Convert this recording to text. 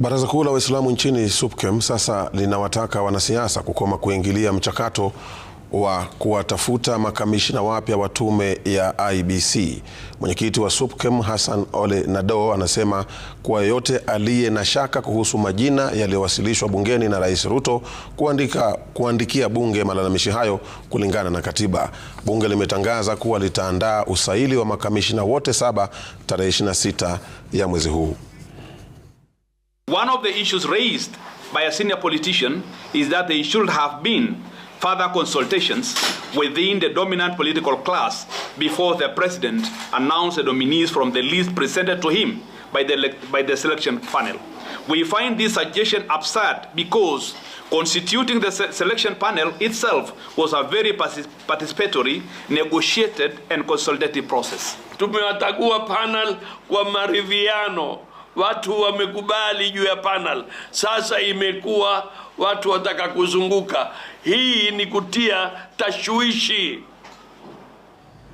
Baraza Kuu la Waislamu nchini SUPKEM sasa linawataka wanasiasa kukoma kuingilia mchakato wa kuwatafuta makamishina wapya wa tume ya IEBC. Mwenyekiti wa SUPKEM Hassan Ole Nado anasema kuwa yeyote aliye na shaka kuhusu majina yaliyowasilishwa bungeni na Rais Ruto kuandika, kuandikia bunge malalamishi hayo kulingana na katiba. Bunge limetangaza kuwa litaandaa usaili wa makamishina wote saba tarehe 26 ya mwezi huu. One of the issues raised by a senior politician is that there should have been further consultations within the dominant political class before the president announced the nominees from the list presented to him by the, by the selection panel. We find this suggestion absurd because constituting the se selection panel itself was a very participatory, negotiated and consultative process. Tumewatagua panel kwa maridhiano watu wamekubali juu ya panel. Sasa imekuwa watu wataka kuzunguka. Hii ni kutia tashwishi.